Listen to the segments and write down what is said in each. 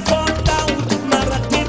telephone down, my rocket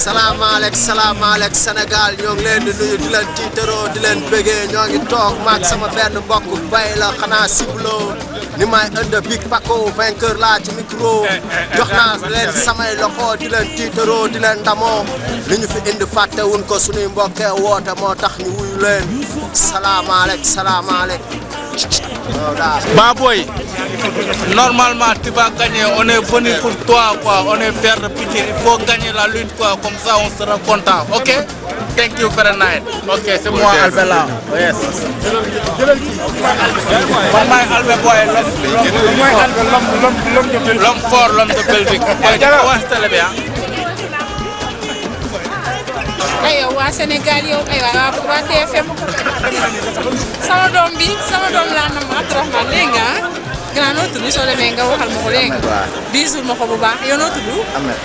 salaam salaamaaleyk Sénégal ñoo ngi leen di nuyu di leen tiitaroo di leen bëggee ñoo ngi toog maak sama benn mbokk bay la xanaa sibloo ni may ënd big Paco vainqueur laa ci micro jox naa leen samay loxo di leen tiitaroo di leen ndamoo li ñu fi indi fàtte wuñ ko suñuy mbokkee woote moo tax ñu wuyu leen salaamaaleyk salaamaaleyk Baboy, normalement tu vas gagner, on est venu pour toi quoi, on est fiers de pitié, il faut la lutte quoi, comme ça on sera content, ok Thank you for the night. Ok, c'est moi Albert là. Yes. Man maay Albert Boy, l'homme fort, l'homme de Belgique. Waxtale aywa waa Sénégal yow aywa waa waa TFM sama doom bi sama doom laa nam Abdourahmane dégg nga ah grand noo tudd soo nga waxal ma ko léegi. waaw bisul baax yow noo tudd. Ahmed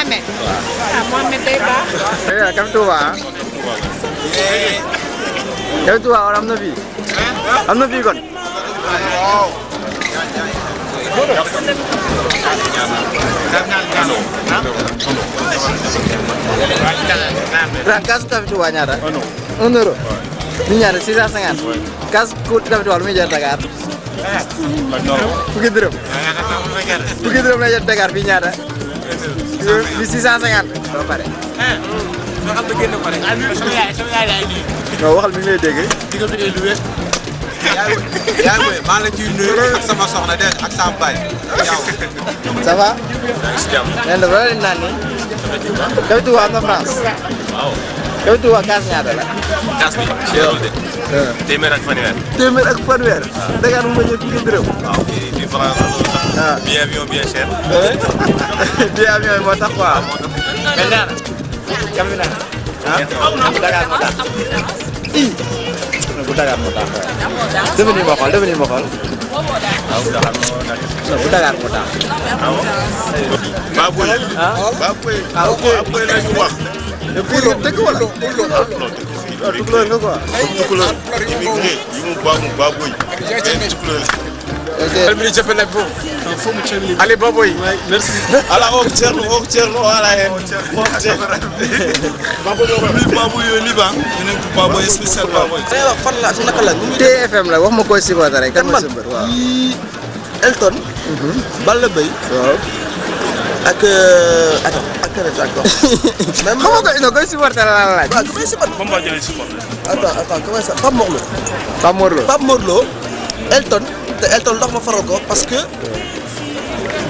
Ahmed. waaw ah Mohamed baax. dégg nga kam Touba ah. na fii. kon. waaw. kaas ku tafitu waa ñaata. un euro. ñu ñaata six cent cinquante. kaas ku waa lu muy jar Dakar. fukki dërëm. fukki dërëm lay jar Dakar pare. waxal bi ñu lay déggee. yaa ngi may maa ngi la ciy nuyu ak sama soxna dégg ak sama baay. ça va. yaa ngi si naan nii. Café Touba am na France. waaw. Café Touba kaas ñaata la. kaas bi cherul de. Euh. téeméer ak fanweer. téeméer ak fanweer. waaw ah. da ngaa ma ñëw fukki dërëm. waaw fii France la. Ah. bien avion bien cher. bien avion yi moo tax quoi. mais nee na. Café naa. ah, ah. Dakar moo tax. bu Dakar moo tax defe nii ma xool defe nii ma xool. bu Dakar moo tax. mu baamu Elbili cepelepo. Kafumu chemli. Ali baboy. Merci. Ala ok cherno ok cherno ala e. Ok cherno. Baboy ni baboy ni ba. Ñu nekk baboy spécial baboy. Tay wax fan la ci naka la. TFM la wax ma koy sibaata rek kan ma sëmbër waaw. Elton. Mhm. Balla Bey. Waaw. ak euh, ak ak keneen d'accord. mais ma ko non koy supporter la laaj. waaw koy supporter. Bombardier lay supporter. attends attends comment ça Pape Morlo. Pape Morlo Pape Morlo Elton. te Elton ndax ma faral ko parce que.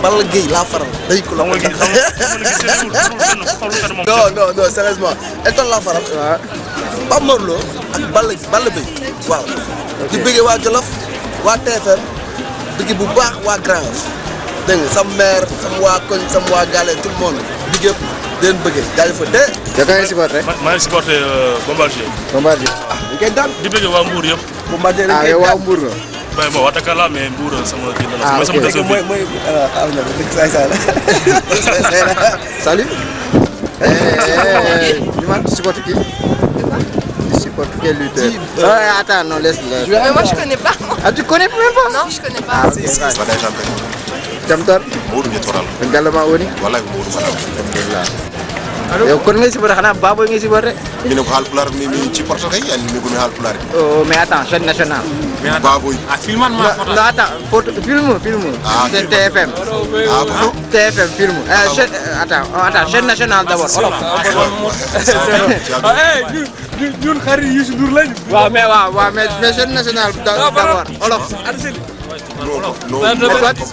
Balla Gaye laa faral. day ko la ko xam Elton laa faral. waaw ah. Pape ak Balla Balla Gaye di bëggee waa Jolof waa TFM bëggee bu baax waa Grand Yoff. dégg nga sama mère waa koñ sama waa Gale tout monde bëgg yëpp di leen bëggee jaajëfal de. da ngay supporté. maa ngi supporté euh, Bombardier. Bombardier ah ñu di bëggee waa Mbour yëpp. Bombardier ah, waa Mbour la. mais bon wax dëgg la mais Mbour sama dina la. ah ok mooy mooy am na dëgg saay saay la. salut. Eh, eh, eh, ñu man supporte qui. tu supportes quel lutteur. ah attends non laisse la. mais moi je connais pas. ah tu connais même pas. non je connais pas. ah ok ça va. Jamtar. Mbour ñu toral. Galama woni. wallahi Mbour ma daw. alhamdulillah. yow kon ngay sibar xanaa baabooy ngay sibar de. ñu ne ko Haalpulaar mi mi ci porto kay yàlla ñu ne ko mi Haalpulaar bi. Oh, mais attends chaîne nationale. mais baabooy. Ah, ma photo non attends photo film film. ah film TFM. ah bon TFM film. Eh, ah chaîne waaw mais waaw waaw mais Non, non, non, non, Français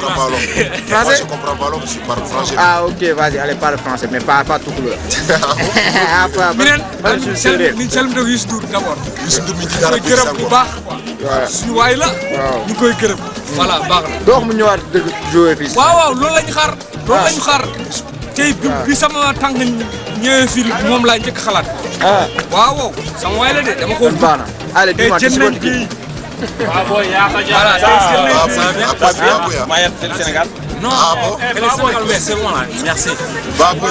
je comprends pas l'homme, je parle français. Ah, ok, vas-y, allez, parle français, mais parle pas tout ñu salam do Youssou Ndour d'abord. Youssou Ndour mi bu sax bu baax quoi. la. ñu koy gërëm. Voilà, baax na. Doox mu ñëwaat dëgg jouer fii. Waaw waaw, loolu lañu xaar. Loolu lañu xaar. tey bi sama tànk xalaat. Waaw waaw, sama waay la de dama ko. Baana. Allez, dis-moi, tu waaw booy yaa ko jàpp. voilà tey euh, Sénégal. non merci. Baboy.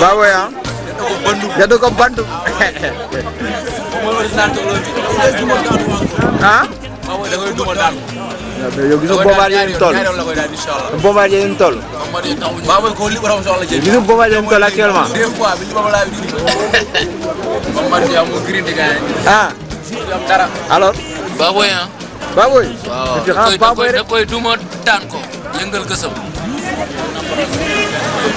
Baboy ah. jënd ko bandu. ah. da ngay dugal daal. mais yow gisoo Bombardier ni mu toll Bombardier ni mu toll. gisoo Bombardier ni mu toll actuellement. ah. alors. Baboy ah. Baboy. waaw da koy koy duma daan ko yëngal gësam.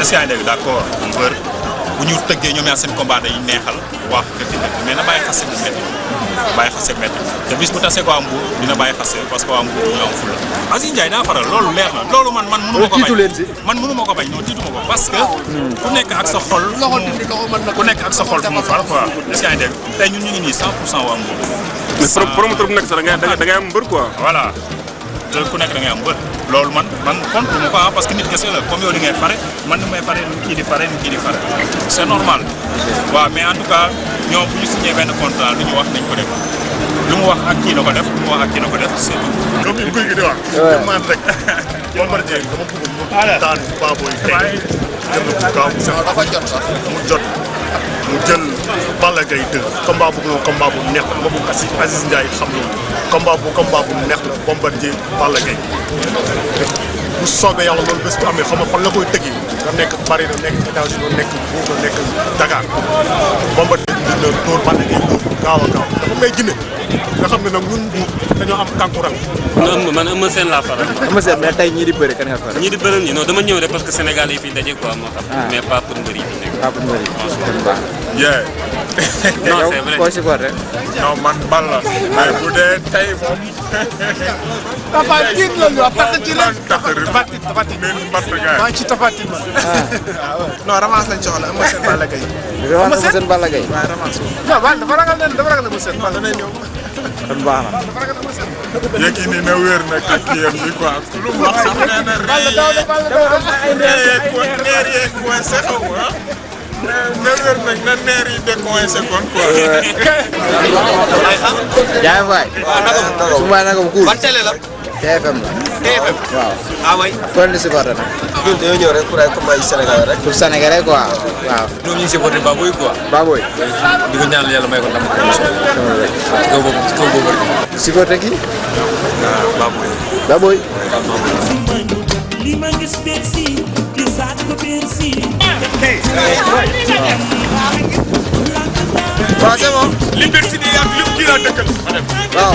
est-ce que yaa ngi mbër bu ñu tëggee ñoom yaa seen combat day neexal waa kër gi mais na bàyyi xase bu métti bàyyi xase métti te bis bu tasee ko waa Mbour dina bàyyi xase parce que waa Mbour ñu am fula na loolu man man mënu ma ko bañ man mënu ko bañ parce que hmm. ku nekk ak sa xol ku nekk ak sa xol fu mu far quoi est-ce que yaa ngi dégg tey ñu nii 100 pour cent waa Mbour promoteur bu nekk sax da ngay am mbër quoi voilà te ku nekk da ngay loolu man man contre mu ko ah, parce que nit kese la comme yow li ngay pare man ni may pare ni kii di pare ni kii di waaw mais en tout cas ñoom bu ñu signé benn contrat lu wax nañ ko def lu mu wax ak ko def lu mu wax ak na ko def c'est tout. donc guy gi di wax. waaw rek. Bombardier dama bëgg mu mu jot. mu jël Balla Gaye 2 combat bu noonu combat bu neex la ma bëgg Aziz Aziz Ndiaye xam loolu combat bu combat bu neex la Bombardier Balla Gaye bu soobee yàlla loolu bés bu amee xam nga fan la koy tëggee da nekk Paris da nekk États-Unis nekk Mbour da nekk Dakar Bombardier dina dóor Balla Gaye dóor gaaw a gaaw dafa may jinne nga xam ne nag ñun dañoo am kankurang. non man Eumeu Sène laa faral. Eumeu Sène mais tey ñii di bëri ñii di bëri ñi non dama ñëw rek parce Sénégal yi fi daje quoi moo xam. Ah. mais pas pour mbër yi fi nekk. pas pour mbër non c'est vrai koo si boor rek. non man bal la. mais bu dee tey moom. papa jiit la ñu wax parce que ci ren. tafatin tafatin ah. maa ci tafatin man. non revanche lañ soxla am na seen Balla Gaye. am na seen Balla Gaye. waaw revanche waaw dafa ragal ne dafa ragal ne bu seen Balla Gaye ñëw. kon baax na. yéeg yi nii na wér nag ak kii yëpp bi quoi. lu mu wax sax nee na rëy yi dafa am ay neer yeeg neer yeeg mooy saxaw ah. Melbert nag na neer yi décoincé kon quoi. jaay waay. waaw nagam nagam su ma nagam kuul. ban télé la. TFM la. TFM waaw. ah oui. kon li si voté nag. ñun dañoo ñëw rek pour ay comme ay Sénégalais rek. pour Sénégalais quoi waaw. ñoom ñu ngi si voté Baboy quoi. Baboy. di ko ñaanal yàlla may ko ndam ko incha allah. kaw boobu kaw boobu rek. si voté kii. waaw Baboy. Baboy. waaw c'est bon. liberté ak lépp kii laa dëkkal. waaw.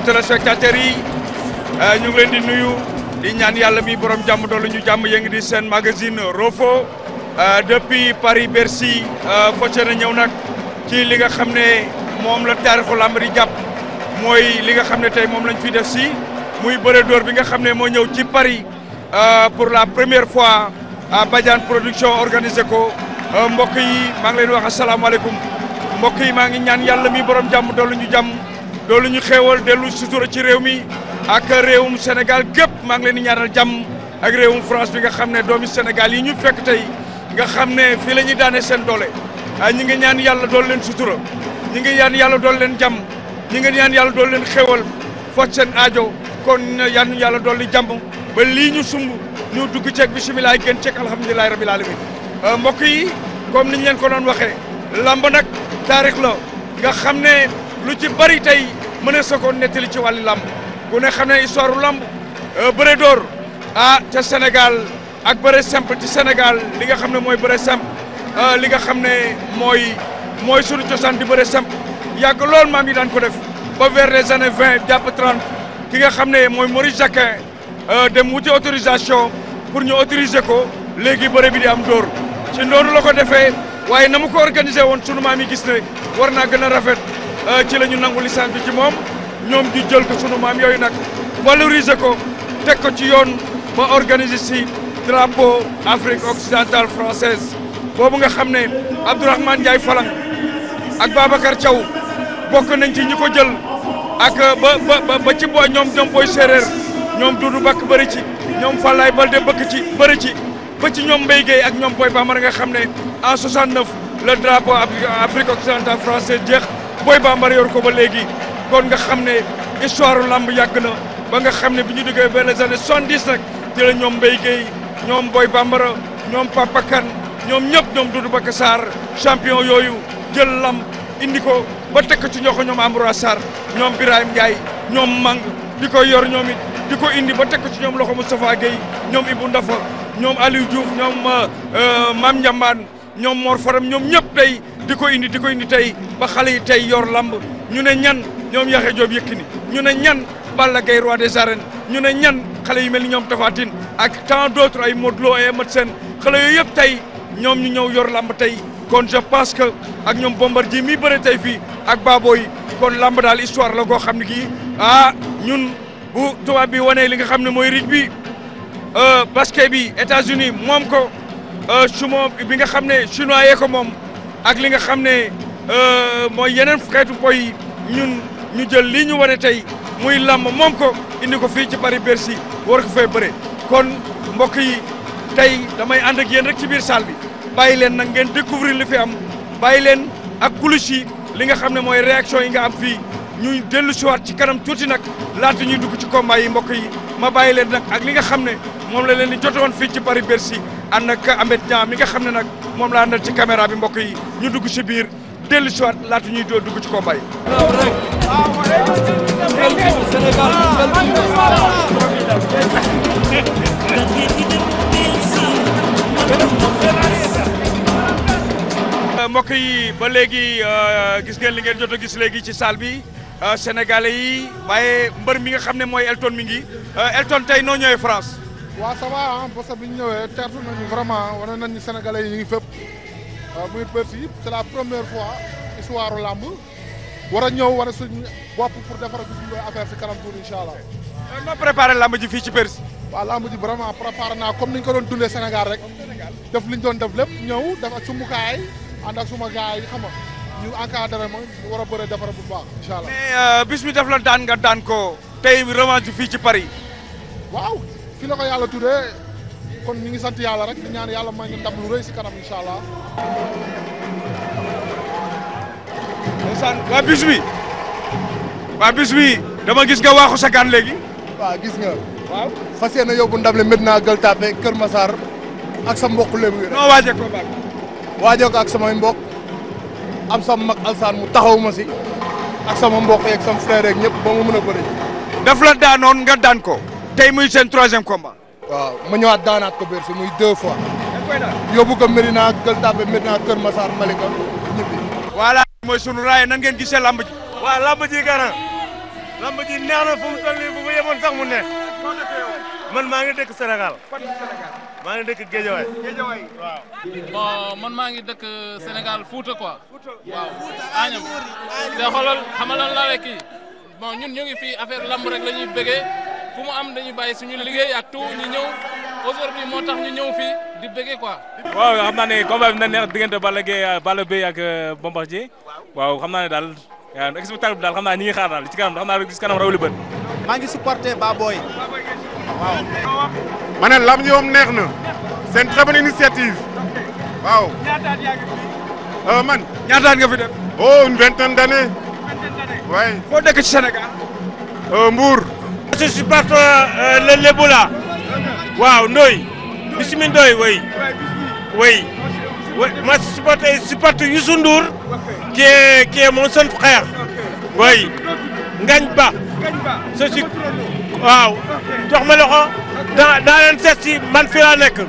mbokku téléspectateurs yi euh, ñu ngi leen di nuyu di ñaan yàlla mi borom jàmm doolu ñu jàmm yëngi di seen magazine Roffo euh, depuis Paris Bercy euh, focce na ñëw nag ci li nga xam ne moom la taarixu làmb di jàpp mooy li nga xam ne tey moom lañ fi def si muy bëre door bi nga xam ne moo ñëw ci Paris pour la première fois Badiane production organisé ko mbokk yi maa ngi leen wax asalaamaaleykum mbokk yi maa ngi ñaan yàlla mi borom jàmm doolu ñu jàmm loolu ñu xéewal dellu sutura ci réew mi ak mu Sénégal gépp maa ngi leen di ñaanal jàmm ak réewum France bi nga xam ne doomi Sénégal yi ñu fekk tey nga xam ne fii la ñuy daane seen doole ah ñi ngi ñaan yàlla dool leen sutura ñi ngi ñaan yàlla dool leen jàmm ñi ngi ñaan yàlla dool leen xéewal faj seen aajo kon yàlla yàlla dool li jàmm ba lii ñu sumb ñu dugg ceeg bi gën ceeg alhamdulilahi rabil alamin ah, mbokk yi comme niñ leen ko doon waxee lamb nag taarix la nga xam ne lu ci bari tey mënees na ko nettali ci wàllu làmb ku ne xam ne histoire u làmb euh, bëre door ah ca Sénégal ak bëre simple ci Sénégal li nga xam ne mooy bëre simple euh, li nga xam ne mooy mooy sunu cosaan di bëre simple yàgg lool maam yi daan ko def ba vers les années vingt jàpp trente ki nga xam ne mooy Maurice Jacquin euh, dem wuti autorisation pour ñu autoriser ko léegi bëre bi di am dóor ci noonu la ko defee waaye na mu ko organiser woon sunu maam yi gis ne war naa gën a rafet Euh, ci la ñu nangu licence bi ci moom ñoom ñu jël ko sunu maam yooyu nag valoriser ko teg ko ci yoon ba organiser si drapeau Afrique occidentale française boobu nga xam ne Abdourahmane Ndiaye Falang ak Babacar Thiaw bokk nañ ci ñi ko jël ak euh, ba ba ba ci booy ñoom ñoom booy séeréer ñoom Doudou Bakk bëri ci ñoom Fallaye Balde bëkk ci bëri ci ba ci ñoom Mbaye Guèye ak ñoom booy Bamara nga xam ne en 69 le drapeau Afrique occidentale française jeex. Boy bambar yor ko ba léegi kon nga xam ne histoire lamb yàgg na ba nga xam ne bi ñu duggee vers les années soixante-dix nag ci ñoom Mbaye Guèye ñoom Boy Bambara ñoom Papa Kane ñoom ñëpp ñoom Doudou Baka Sarr champion yooyu jël lamb indi ko ba tekk ci ñoxo ñoom Ambroise Sarr ñoom Birahim Ndiaye ñoom Mang di ko yor ñoom it di ko indi ba tekk ci ñoom loxo Moustapha Guèye ñoom Ibou Ndafa ñoom Aliou Diouf ñoom euh, euh, Mame Ndiambane ñoom Mor ñoom ñëpp tey di ko indi di ko indi tey ba xale yi tey yor lamb ñu ne ñan ñoom Yaxya Joob Yékini ñu ne ñan Balla Gaye roi de arènes ñu ne ñan xale yu mel ni ñoom Tapha Tine ak tant d'autres ay Modou Lo ay Eumeu Sène xale yooyu yëpp tey ñoom ñu ñëw yor lamb tey kon je pense que ak ñoom Bombardier mi bëre tey fii ak Baboy kon lamb daal histoire la koo xam ne kii ah ñun bu tubaab bi wane li nga xam ne mooy rij bi euh, basket bi États-Unis moom ko euh, sumo bi nga xam ne chinois yee ko moom ak li nga xam ne euh, mooy yeneen xeetu poy ñun ñu jël lii ñu wane tey muy làmb moom ko indi ko fii ci Paris Bercy war ko fay bëre kon mbokk yi tey damay ànd ak yéen rek ci biir salle bi bàyyi leen nag ngeen découvrir li fi am bàyyi leen ak coulisses yi li nga xam ne mooy réaction yi nga am fii ñuy dellu siwaat ci kanam tuuti nag laata ñuy dugg ci combat yi mbokk yi ma bàyyi leen nag ak li nga xam ne moom la leen ni jotoon fii ci Paris Bercy ànd ak Amet Ñaa mi nga xam ne nag moom laa àndal ci caméra bi mbokk yi ñu dugg si biir dellu si waat laata ñuy doo dugg ci combat yi. yi ba léegi euh, gis ngeen li ngeen jot a gis léegi ci salle bi euh, sénégalais yi waaye mbër mi nga xam ne mooy Elton mi ngi euh, Elton tey noo ñëwee France. waaw ça va ah parce que bi ñu ñëwee teertu nañu vraiment wane nañu sénégalais yi ñu ngi fépp muy Bercy la première fois histoire làmb war a ñëw wane suñu bopp pour defar suñu affaire si kanam tuuti incha allah. waaw euh, noo ci Bercy. waaw làmb ji vraiment préparé naa comme ni ñu ko doon dundee Sénégal rek def doon def lépp ñëw def ak sumukaay ànd ak suma gars yi xam nga ñu ma war a bëre defar bu baax incha allah. mais euh, la daan nga daan ko tey revanche fii ci Paris. waaw. fi la ko yàlla tuddee kon ñu ngi sant yàlla rek di ñaan yàlla may ñu ndam lu rëy si kanam incha allah. waa bis bi waa bis bi dama gis nga waaxu sakaan léegi. waaw gis nga. waaw fas yéene yóbbu ndam le Medina Gueule Tapée Kër Massar ak sa mbokk lébu yi rek. ko ak samay mbokk am sama mag alsaan mu taxaw ma si ak sama mbokk yeeg sama frère yeeg ñëpp ba mu mën a bëri. daf la daanoon nga daan ko. tey muy seen troisième combat. waaw ma ñëwaat daanaat ko Bercy muy deux fois. yóbbu ko Medina Gueule Tapée Medina Kër Massar Malika ñibbi. mooy sunu raay nan ngeen gisee lamb ji. waaw lamb ji gana lamb ji neex na fu mu toll bu ma sax mu neex. man maa ngi dëkk Sénégal. maa ngi dëkk Guédiawaye. Guédiawaye man maa ngi dëkk Sénégal Fouta quoi. waaw Agnam. te xoolal xamal lan ñun ñu ngi fii affaire rek la ñuy fu am dañu bàyyi suñu liggéey ak tout ñu ñëw aujourd'hui moo tax ñu ñëw fii di bëggee quoi. waaw naa ne combat bi na neex diggante Balla Gaye euh, Balla Beye ak euh, Bombardier waaw xam naa ne daal euh, spectacle daal xam naa ñi ngi xaar daal ci kanam naa gis kanam raw li bët. maa ngi supporté Baboy. waaw. ne lam ñoom neex na. c'est une très bonne initiative. man ñaataat nga fi def. oh une vingtaine d'années. une vingtaine d'années. waaye. foo dëkk ci Sénégal. je supporte euh, euh, le la waaw Ndoye Bismi Ndoye oui oui moi je supporte je supporte Youssou Ndour qui est qui est mon seul frère Ba je suis waaw jox ma loxo daa daa leen seet si man fi laa nekk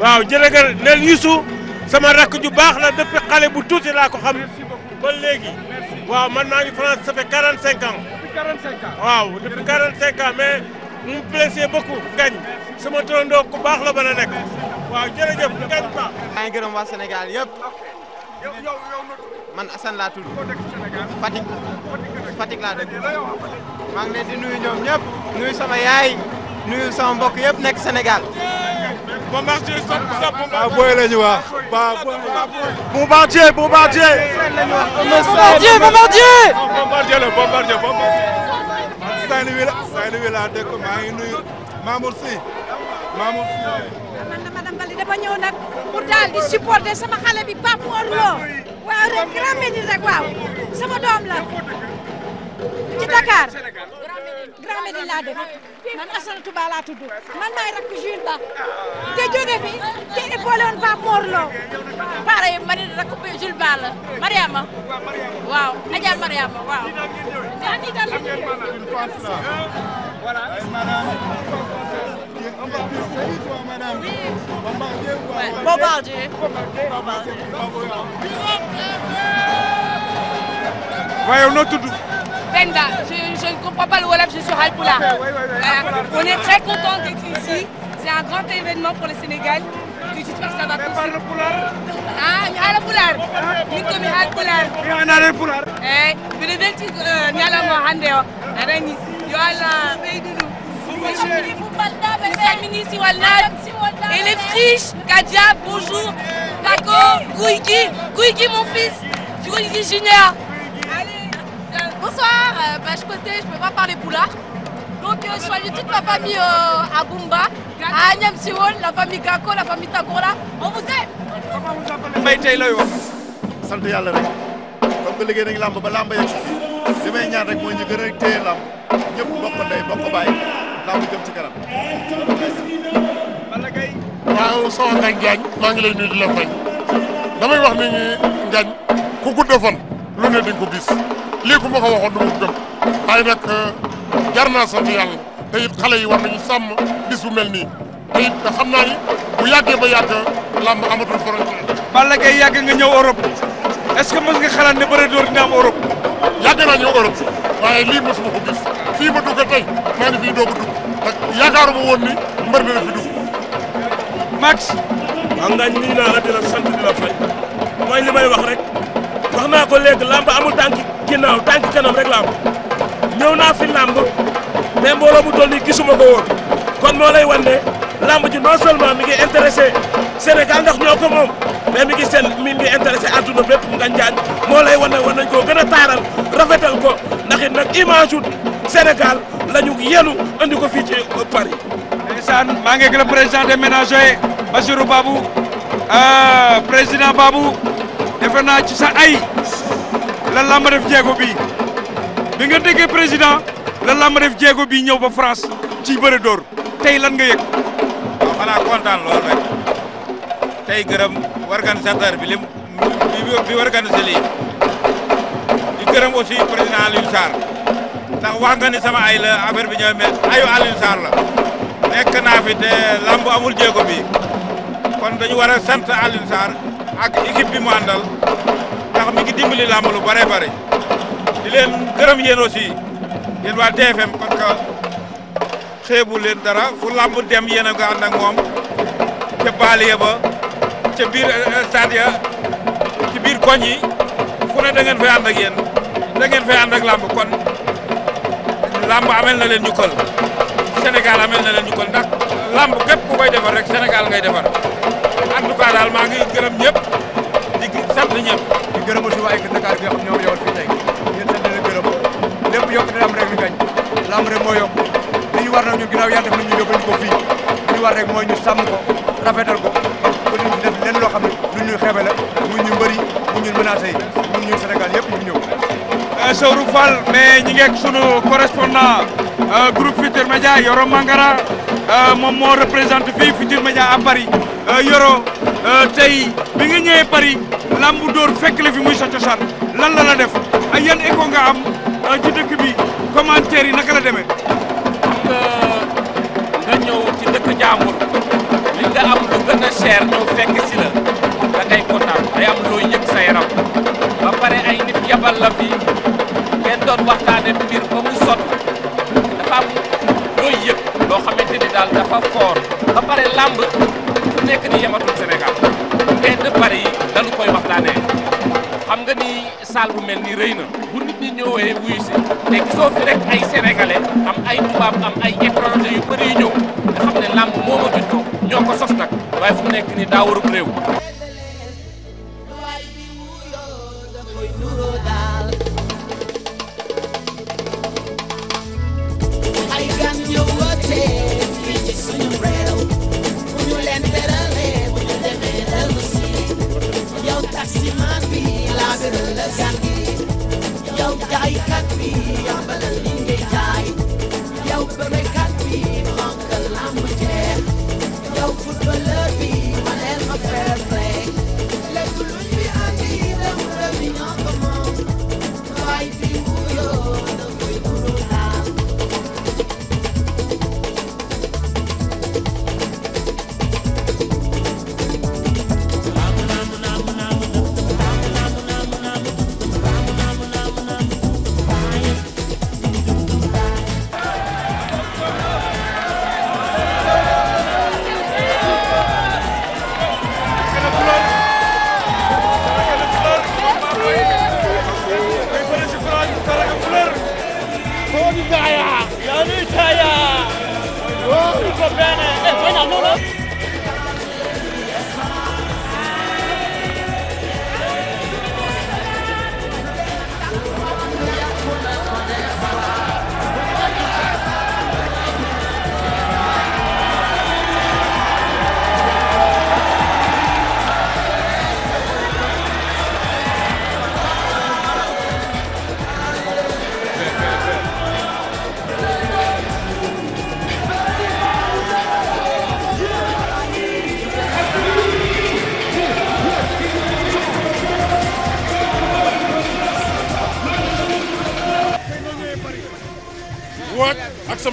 waaw jërëjëf nel Youssou sama rakk ju baax la depuis xale bu tuuti laa ko xam ba léegi waaw man naa ngi France ça fait 45 ans. 45 ans. waaw depuis 45 ans mais mu ngi plaisir beaucoup Ngagne sama ku baax la mën a waaw jërëjëf Ngagne Ba. maa ngi waa Sénégal yëpp. man Assane laa tudd. laa dëkk. maa ngi di nuyu ñoom nuyu sama yaay. nuyu sama mbokk yëpp nekk Sénégal. Bombardier sop sop Bombardier. waaw booy la ñu wax. waaw booy Bombardier Bombardier. Bombardier Bombardier. Bombardier la Bombardier Bombardier. Saint-Louis la Saint-Louis laa dëkk maa ngi nuyu Mamour Sy Mamour Sy. man la madame Bali dafa ñëw nag pour daal di supporter sama xale bi Pape Mor Lo waaw rek grand béni rek waaw sama doom la. ci Dakar Grand Médine laa def man Assane Touba laa tudd man maay rakk Jules Ba te jóge fi te épaulé woon Pape Mor Lo pare yi mari rakk Jules Ba la Mariama waaw Adja Mariama waaw Bombardier waaye noo tudd Benga, je, ne comprends pas le Wolof, je suis Halpoula. Euh, on est très content d'être ici. C'est un grand événement pour le Sénégal. J'espère que ça va continuer. Ah, ñaala pulaar min komi haal pulaar anare pulaar eyi mbiɗo welti ñalawma hannde o arani yo mon fils guygi junior Bonsoir, euh, bah, je côté, je peux pas parler Donc euh, je suis allée toute ma famille euh, à Bumba, à Agnam la famille Gako, la famille Tagora. On vous aime. Comment vous ba làmb yegg li may ñaan rek mooy ñu gën a téye làmb ñëpp bokk ndey bokk bàyyi làmb jëm ci kanam. Balla Gaye. waaw sama maa ngi lay nuyu di la fay damay wax ni Ngañ ku gudd fan lu ne di nga gis. lii ku ma ko waxoon du ma gëm waaye nag euh, naa sant yàlla te it xale yi war nañu sàmm bis bu mel nii te it xam naa ni bu yàggee ba yàgg làmb amatul frontière. Balla Gaye yàgg nga ñëw Europe est-ce que mës nga xalaat ne bëre door dina am Europe. yàgg naa ñëw Europe waaye lii mosuma ko gis fii ma dugg tey maa ngi fii a dugg ndax mbër dina fi dugg. Max. waaw Ngañ nii naa la di la sant di la fay mooy li may wax rek. wax naa ko léegi làmb amul tànk ginnaaw tànk kanam rek làmb ñëw naa fi làmb mais mbooloo bu toll nii gisuma ko woon kon moo lay wan ne làmb ji non seulement mi ngi intéressé Sénégal ndax ñoo ko moom mais mi ngi seen mi ngi intéressé àdduna bépp nga njaañ moo lay wan ne war nañ koo gën a taaral rafetal ko ndax it nag image u Sénégal la ñu yenu andi ko fii ci Paris. maa ngi gën a président des ménagers Bassirou Babou euh, président Babou. defe naa ci sa ay la làmb def jéego bi bi nga déggee président la làmb def jéego bi ñëw ba France ci bëre dóor tey lan nga yëg. waaw xanaa kontaan lool rek tey gërëm organisateur bi lim bi organisé lii di gërëm aussi président Alioune Sarr ndax wax ni sama ay la affaire bi ñooy mel ayu Alioune Sarr la nekk naa fi te làmb amul jéego bi kon dañu war a sant Alioune ak équipe bi mu àndal ndax mi ngi dimbali làmb lu bare bare di leen gërëm yéen aussi yéen waa TFM parce leen dara fu làmb dem yéen ga nga ànd ak moom ca baaliya ba biir euh, stade ya ci biir koñ yi fu ne da ngeen fay ànd ak yéen da ngeen kon làmb amel na leen ñukkal amel na leen ndax làmb képp ku koy defar rek Sénégal ngay defar en tout cas daal maa ngi gërëm ñëpp di sant ñëpp. di gërëma suñu ay Dakar gi nga xam ñoo ma yowal fii tey yéen sant gërëm lépp yokk te am rek ñu gañ lamb rek moo yokk ñu war nag ñu ginnaaw yàlla def nañ ñu yóbbu fii li war rek mooy ñu sàmm ko rafetal ko ba ñu def lenn loo xam ne lu ñuy xeebe ñu mbëri mu ñun menacé yi ñun ñun Sénégal ñu ñëw. Euh, Sourou Fall mais ñi ngeeg sunu correspondant euh, groupe Futur Média Yoro Mangara euh, moom moo représente Euh, Yoro euh, tey bi nga ñëwee Paris lambu dóor fekk le fi muy sa cosaan lan la la def ay yan écho nga am euh, ci dëkk bi commentaire yi naka la demee. gisoo fi rek ay sénégalais am ay tubaab am ay étranger yu bëri yu ñëw nga xam ne làmb moo ma ñoo ko sos nag waaye fu mu nekk nii daa warub réew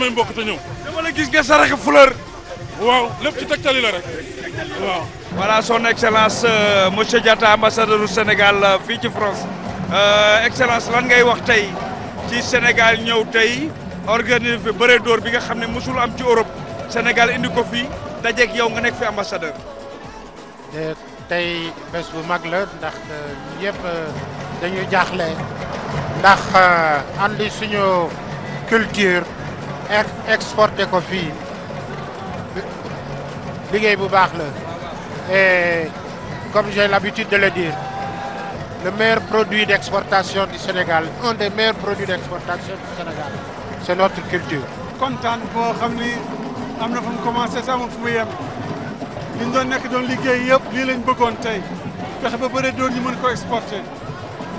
samay mbokk te ñëw. dama la gis nga sarax fleur. waaw lépp ci tegtali la rek waaw. voilà son excellence euh, monsieur Diatta ambassadeur du Sénégal euh, fii ci France euh, excellence lan ngay wax tey ci Sénégal ñëw tey organiser fi bëre bi nga xam ne mosul am ci Europe Sénégal indi ko fi dajeeg yow nga nekk fi ambassadeur. Eh, tey bés bu mag la ndax ñëpp dañu jaaxle ndax andi suñu culture. exporté ko fii liggéey bu baax la et comme j'ai l'habitude de le dire le meilleur produit d'exportation du Sénégal de des meilleurs de d'exportation du Sénégal c'est notre culture kontaan boo xam ni am na fu mu commencé sax moom fu mu yem li ñu doon nekk doon liggéey yëpp lii lañ bëggoon tey fexe ba bëre dóor ñu mën ko exporté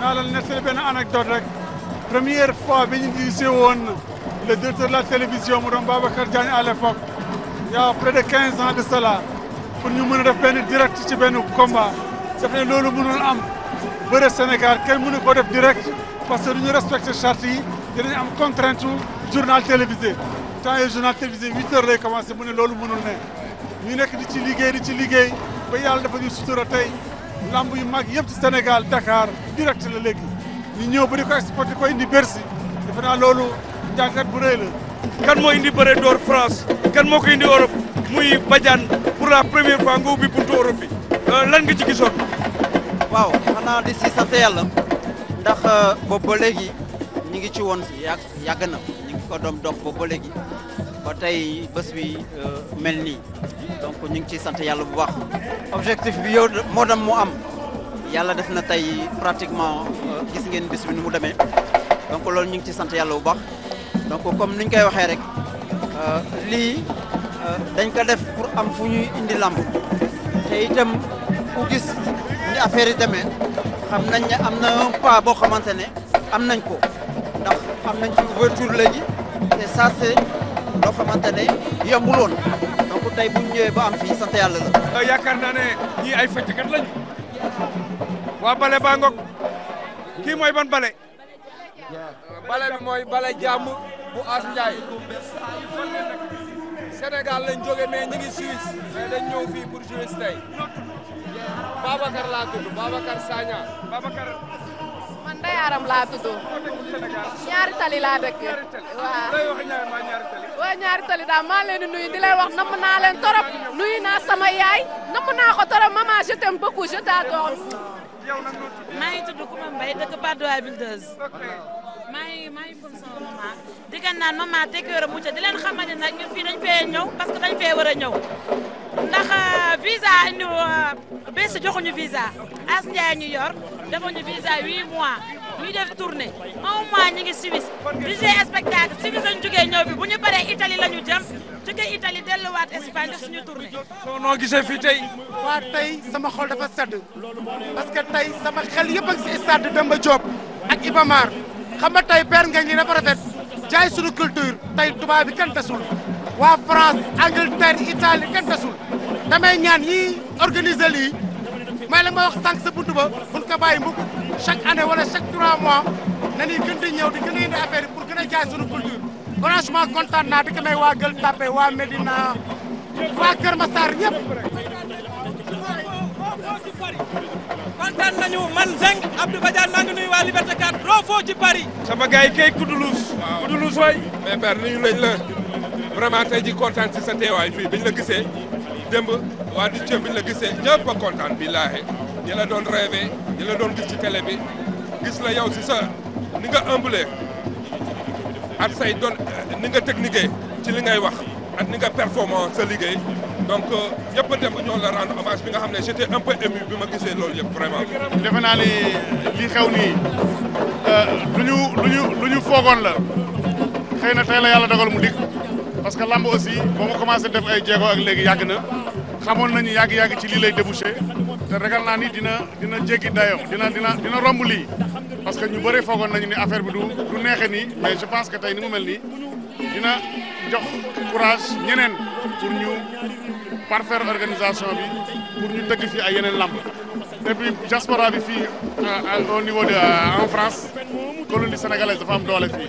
naa la nettali benn anecdote rek première fois bi ñu gisee woon le directeur de la télévision mu doon Babacar Diagne à l'époque y a près de 15 ans de cela pour ñu mën a def benn direct ci benn combat daf ne loolu mënoon am bëre Sénégal kenn mënu ko def direct parce que du ñu respecté charte yi am contrainte journal télévisé temps yii journal télévisé 8 heures commencé mu ne loolu mënul ne ñu nekk di ci liggéey di ci liggéey ba yàlla dafa ñu sutura tey lamb yu mag yëpp ci Sénégal Dakar direct la léegi ñu ñëw ba di ko exporté ko indi Bercy defe jàngat bu rëy la kan moo indi bëre door France kan moo ko indi Europe muy Badiane pour la première fois nga ubbi buntu Europe bi euh, lan nga ci waaw xanaa di si sant yàlla ndax euh, boobu ba léegi ñi ngi ci woon yàgg yàgg na ñi ngi ko doom dox boobu ba léegi ba tey bés bi euh, mel ni donc ñu ngi ciy sant yàlla bu baax. bi yow moo mu am yàlla def na tey pratiquement gis ngeen bis bi ni mu demee donc loolu ñu ngi ciy sant yàlla bu baax. donc comme niñ koy waxee rek euh, lii euh, dañ ko def pour am fu ñuy indi làmb te itam ku gis ni affaire yi demee xam nañ am na un boo xamante ne am nañ ko ndax am nañ ci ouverture léegi te ça c'est loo xamante ne yombul woon donc bu ñu ba am fii sant yàlla la. Euh, yaakaar naa ne ñii ay feccikat lañu waa bale baa ngoog kii mooy ban bale. bale bi mooy bale jàmm bu As Ndiaye Sénégal lañ jóge mais ñu ngi Suisse mais dañ ñëw fii pour jouer tey Babacar laa tudd Babacar Sagna Babacar man Ndeye Aram laa tudd ñaari tali laa dëkk waaw waaw ñaari tali daal maa leen di nuyu di lay naa leen torop nuyu naa sama yaay namm naa ko torop maman je t'aime beaucoup je t'adore maa ngi tudd Kouma Mbaye dëkk Patte d'Oie Buldeuse maa ngi maa ngi a sama maman di gën naan maman Tekkeureu Mucca di leen xamal ne nag fii dañ fee ñëw parce dañ fee war a ñëw ndax euh, visa ñu euh, bés joxuñu visa As Ndiaye ñu yor defuñu visa huit mois ñu def tournée un mois ñu ngi Suisse di jouer spectacle Suisse lañ jógee ñëw bi bu ñu paree Italie la ñu jëm jógee Italie delluwaat Espagne def suñu tournée. soo noo gisee fii tey. waa tey sama xol dafa sedd parce tey sama xel yëpp ak si stade Demba Diop ak Iba Mar. xam nga tey per ngeen ñi a rafet jaay suñu culture tey tubaab kenn desul waa France Angleterre Italie kenn desul damay ñaan ñi organiser lii may la ma wax sànq sa buntu ba buñ ko chaque année wala chaque trois mois nañuy di ñëw di gën a indi affaire pour gën a jaay suñu culture franchement kontaan naa di ko waa Gueule Tapée waa Médina waa Kër Massar ñëpp kontaan nañu man Zeng Abdou Badiane maa ngi nuyu waa Liberté 4 ci Paris. sama gars yi Kudulus. Kudulus waay. mais père nuyu la vraiment tey ji kontaan si sa teewaay fii biñ la gisee démb waa di ceeb biñ la gisee ñëpp a kontaan billaahi ñi doon rêvé ñi la doon gis ci bi gis la yow si sa ni nga ëmbalee ak say doon ni nga technique ci li ngay wax ak ni nga performance sa liggéey. donc ñëpp euh, a dem ñoo la rendre hommage bi nga xam ne j' étais un peu ému bi ma gisee loolu yëpp defe naa ni li xew nii euh, lu ñu lu ñu lu ñu foogoon la xëy na tey la yàlla dogal mu dikk parce que lamb aussi ba mu commencé def ay jéego ak léegi yàgg na xamoon ñu yàgg yàgg ci lii lay débouché te ragal naa ni dina dina jéggi dayoo dina dina dina romb lii parce que ñu bëri foogoon nañu ni affaire bi du du neexe nii mais je pense que tey ni mu mel nii dina jox courage ñeneen. pour ñu parfaire organisation bi pour ñu tëgg fii ay yeneen lamb et puis diaspora bi fii euh, au niveau de euh, en France colonie sénégalaise dafa am doole fii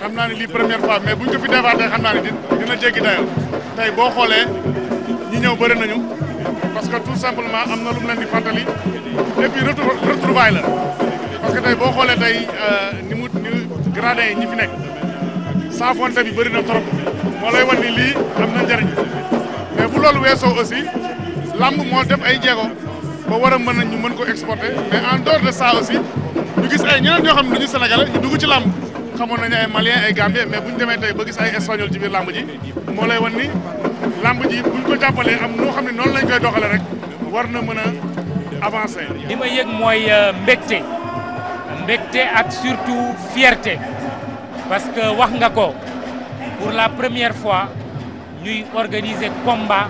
xam naa ne lii première fois mais bu ñu ko fi départee xam naa ne dina jéggi dayoo tey boo xoolee ñi ñëw bëri nañu parce que tout simplement am na lu mu leen di fàttali et puis parce que tey boo xoolee tey euh, ni mu ni gradin yi ñi fi nekk saafonte bi bëri na trop moo lay wan ni lii am na njëriñ mais bu loolu weesoo aussi lamb moo def ay jéego ba war a mën a ñu mën ko exporter mais en dehors de ça aussi ñu gis ay ñeneen ñoo xam ne du ñu sénégalais ñu dugg ci lamb xamoon nañu ay malien ay gambien mais bu ñu demee tey ba gis ay espagnol ci biir lamb ji moo lay wan ni lamb ji buñ ko jàppalee am noo xam ne noonu lañ koy doxalee rek war na mën a avancer. li ma yëg mooy euh, mbégte mbégte ak surtout fierté. parce que wax nga ko pour la première fois ñuy organiser combat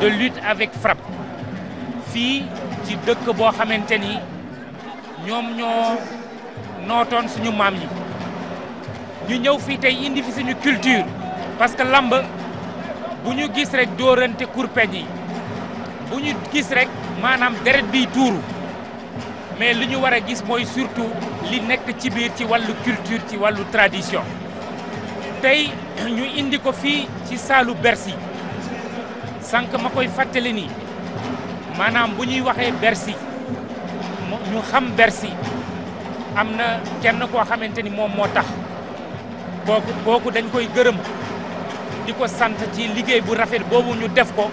de lutte avec frappe fii ci dëkk boo xamante ni ñoom ñoo nootoon suñu maam yi ñu ñëw fii tey indi fi suñu culture parce que lamb bu ñu gis rek dóorante kurpeñ yi bu ñu gis rek maanaam deret biy tuuru mais li ñu war a gis mooy surtout li nekk ci biir ci wàllu culture ci wàllu tradition tey ñu indi ko fii ci saalu Bercy sànq ma koy fàttali nii maanaam bu ñuy waxee Bercy ñu xam bersi am na kenn koo xamante ni moom moo tax kooku kooku dañ koy gërëm di ko sant ci liggéey bu rafet boobu ñu def ko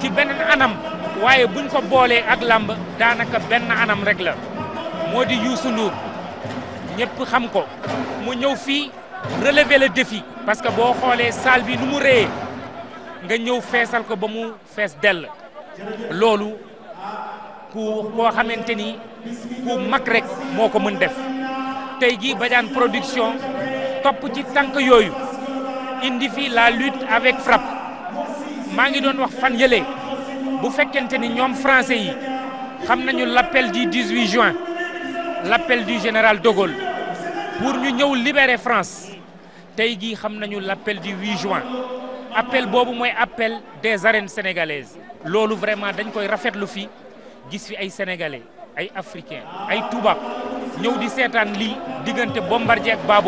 ci beneen anam waaye buñ ko boolee ak làmb daanaka benn anam rek la moo di Youssou Ndour ñëpp xam ko mu ñëw fii relever le défi parce que boo xoolee salle bi nu mu réyee nga ñëw feesal ko ba mu fees dell loolu ku koo xamante ni ku mag rek moo ko mën def tey jii Badiane production topp ci tànk yooyu indi fi la lut avec frappe maa ngi doon wax fan yële bu fekkente ni ñoom français yi xam nañu l'appel du 18 juin l'appel du général de pour ñu ñëw libérer France tey jii xam nañu l'appel di 8 juin appel boobu mooy appel des arènes sénégalaises loolu vraiment dañ koy rafetlu fi gis fi ay sénégalais ay africains ay tubaab ñëw di seetaan lii diggante Bombardier ak